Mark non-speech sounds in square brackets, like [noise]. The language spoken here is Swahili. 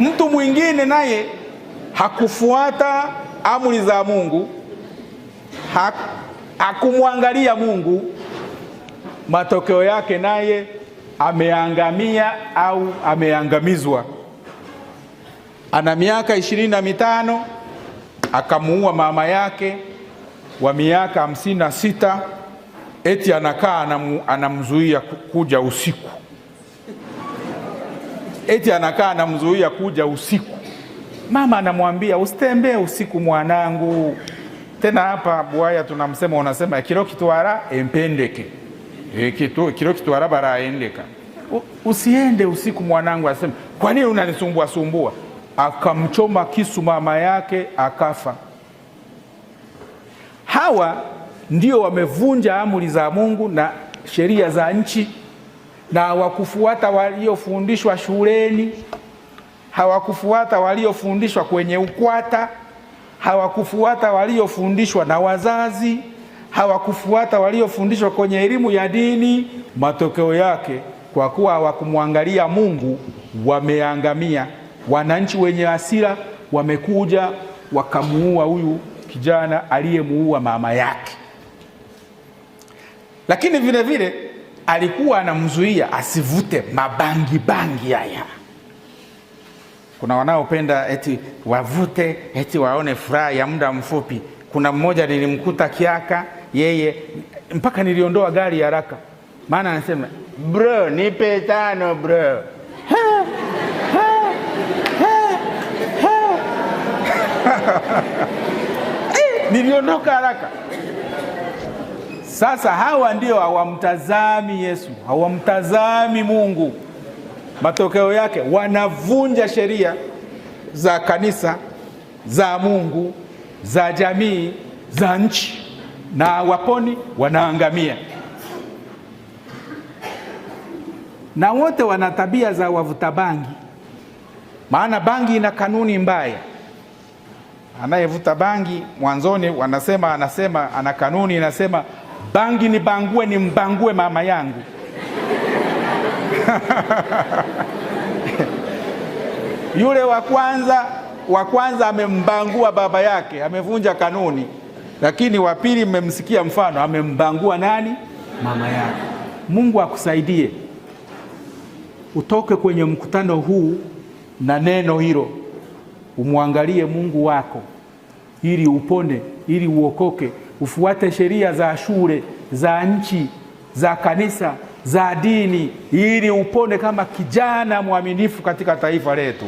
mtu mwingine naye hakufuata amri za Mungu, hakumwangalia Mungu, matokeo yake naye ameangamia au ameangamizwa. Ana miaka ishirini na mitano akamuua mama yake wa miaka hamsini na sita eti anakaa anamzuia kuja usiku eti anakaa anamzuia kuja usiku. Mama anamwambia usitembee usiku mwanangu. Tena hapa Bwaya tunamsema unasema kiro kitwara empendeke e, kitu, kiro kitwara baraendeka. Usiende usiku mwanangu, asema kwa nini unanisumbua sumbua? Akamchoma kisu mama yake akafa. Hawa ndio wamevunja amri za Mungu na sheria za nchi na hawakufuata waliofundishwa shuleni, hawakufuata waliofundishwa kwenye ukwata, hawakufuata waliofundishwa na wazazi, hawakufuata waliofundishwa kwenye elimu ya dini. Matokeo yake, kwa kuwa hawakumwangalia Mungu, wameangamia. Wananchi wenye hasira wamekuja wakamuua huyu kijana aliyemuua mama yake, lakini vile vile alikuwa anamzuia asivute mabangi bangi haya. Kuna wanaopenda eti wavute eti waone furaha ya muda mfupi. Kuna mmoja nilimkuta kiaka yeye, mpaka niliondoa gari haraka, maana anasema bro, nipe tano bro. ha, ha, ha, ha. [laughs] Eh, niliondoka haraka sasa hawa ndio hawamtazami Yesu, hawamtazami Mungu. Matokeo yake wanavunja sheria za kanisa, za Mungu, za jamii, za nchi, na waponi wanaangamia. Na wote wana tabia za wavuta bangi, maana bangi ina kanuni mbaya anayevuta bangi mwanzoni, wanasema anasema ana kanuni inasema bangi nibangue, nimbangue mama yangu [laughs] yule wa kwanza wa kwanza amembangua baba yake, amevunja kanuni, lakini wa pili mmemsikia mfano, amembangua nani? Mama yake. Mungu akusaidie utoke kwenye mkutano huu na neno hilo, umwangalie Mungu wako ili upone, ili uokoke ufuate sheria za shule, za nchi, za kanisa, za dini, ili upone kama kijana mwaminifu katika taifa letu.